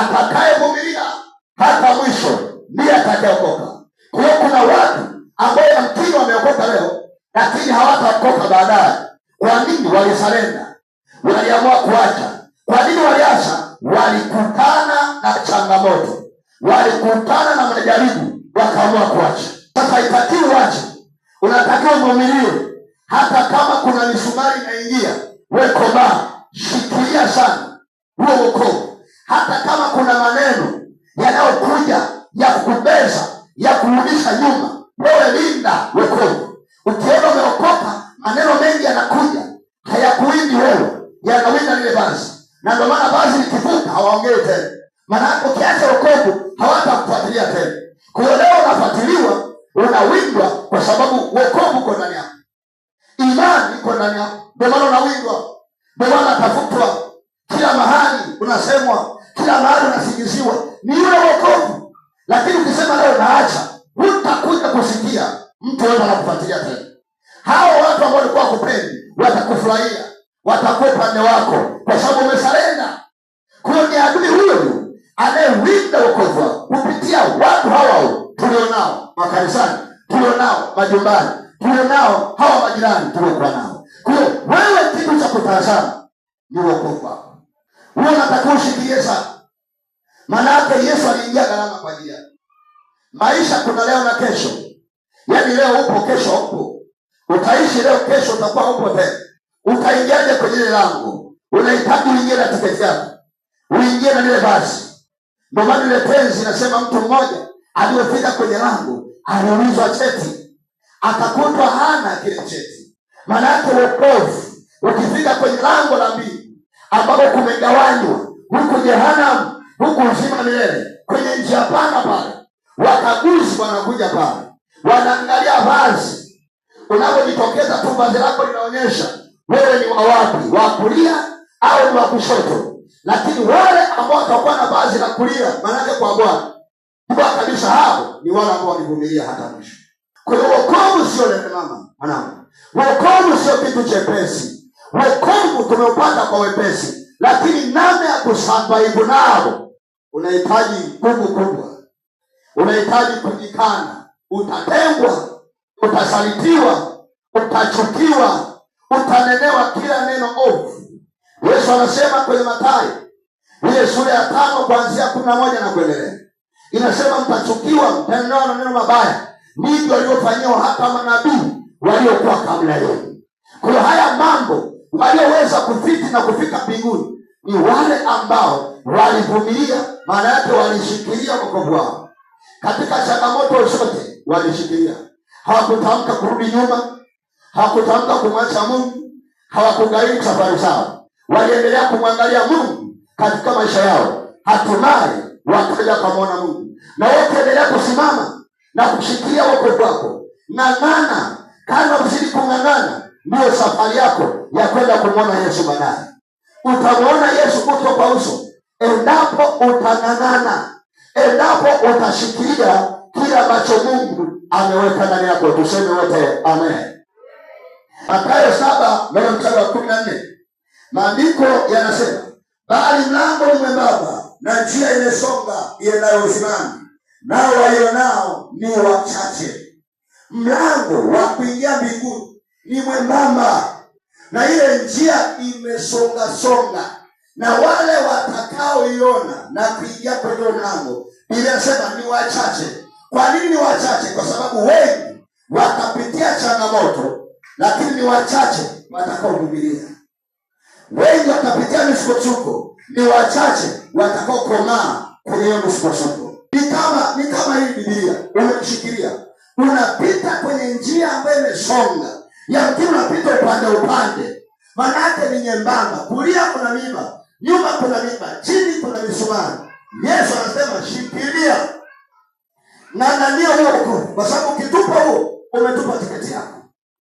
atakayevumilia hata mwisho ndiye atakayeokoka. Kwa hiyo kuna watu ambao yamkini wameokoka leo, lakini hawataokoka baadaye. Kwa nini? Walisalenda, waliamua kuacha. Kwa nini waliacha? Walikutana na changamoto, walikutana na majaribu, wakaamua kuacha. Sasa haitakiwi uache, unatakiwa uvumilie, hata kama kuna misumari inaingia, we komaa ya kurudisha nyuma. Wewe linda wekoni Ukiona umeokoka, maneno mengi yanakuja, hayakuwindi wewe, yanawinda lile basi na ndio maana basi likivuka hawaongee tena, maana ukiacha wokovu hawatakufuatilia tena. Kwa leo unafuatiliwa, unawindwa kwa sababu wokovu uko ndani yako, imani iko ndani yako, ndio maana unawindwa, ndio maana unatafutwa kila mahali, unasemwa kila mahali, unasingiziwa ni yule wanaacha, utakuja kusikia mtu wewe anakufuatilia tena. Hao watu ambao walikuwa kupendi watakufurahia, watakuwa upande wako, kwa sababu umesalenda Kwa ni adui huyo anayewinda ukovwa kupitia watu hawa tulionao makanisani, tulionao majumbani, tulionao hawa majirani tuliokuwa nao. Kwa wewe, kitu cha kutazama ni uokovu wako, huo natakiwa ushikilie sana, maana yake Yesu aliingia gharama kwa ajili yako. Maisha kuna leo na kesho, yaani leo upo, kesho upo. Utaishi leo, kesho utakuwa upo tena. Utaingiaje kwenye ile lango? Unahitaji uingie na tiketi yako, uingie na lile basi. Ndio maana ile tenzi inasema mtu mmoja aliyefika kwenye lango aliulizwa cheti, akakutwa hana kile cheti. Maana yake wokovu, ukifika kwenye lango la mbili ambapo kumegawanywa huku jehanamu, huku uzima milele, kwenye njia pana wakaguzi wanakuja pale, wanaangalia vazi. Unapojitokeza tu vazi lako linaonyesha wewe ni wawapi, wa kulia au ni wa kushoto. Lakini wale ambao watakuwa na vazi la kulia, maanake kwa Bwana kwa kabisa, hao ni wale ambao walivumilia hata mwisho. Kwa hiyo wokovu sio lemama mwanangu, wokovu sio kitu chepesi. Wokovu tumeupata kwa wepesi, lakini namna ya kusambaibu nao unahitaji nguvu kubwa unahitaji kujikana. Utatengwa, utasalitiwa, utachukiwa, utanenewa kila neno ovu. Yesu anasema kwenye Mathayo ile sura ya tano kuanzia kumi na moja na kuendelea, inasema mtachukiwa, mtanenewa maneno mabaya, ndivyo waliofanyiwa hata manabii waliokuwa kabla yenu. Kwa haya mambo walioweza kufiti na kufika mbinguni ni wale ambao walivumilia, maana yake walishikilia wokovu wao katika changamoto zote walishikilia. Hawakutamka kurudi nyuma, hawakutamka kumwacha Mungu, hawakugharimu safari zao, waliendelea kumwangalia Mungu katika maisha yao, hatimaye wakaja kumwona Mungu. Na wewe kusimama na kushikilia wokovu wako, ng'ang'ana kama uzidi kung'ang'ana, ndiyo safari yako ya kwenda kumwona Yesu baadaye. Utamwona Yesu uso kwa uso endapo utang'ang'ana endapo utashikilia kile ambacho Mungu ameweka ndani yako. Tuseme wote amen. Mathayo saba mbele mstari wa kumi na nne maandiko yanasema, bali mlango ni mwembamba na njia imesonga iendayo uzimani, nao waionao ni wachache. Mlango wa kuingia mbinguni ni mwembamba na ile njia imesongasonga, na wale wata mtakaoiona na kuingia kwenye mlango. Biblia inasema ni wachache. Kwa nini ni wachache? Kwa sababu wengi watapitia changamoto, lakini ni wachache watakaovumilia. Wengi watapitia misukosuko, ni wachache watakaokomaa kwenye hiyo misukosuko. Ni kama ni kama hii Biblia umeshikilia, unapita kwenye njia ambayo imesonga, yamkini unapita upande upande, maana yake ni nyembamba. Kulia kuna miba nyuma kuna miba, chini kuna misumari. Yesu anasema shikilia, ng'ang'ania huo wokovu, kwa sababu ukitupa huo umetupa tiketi yako.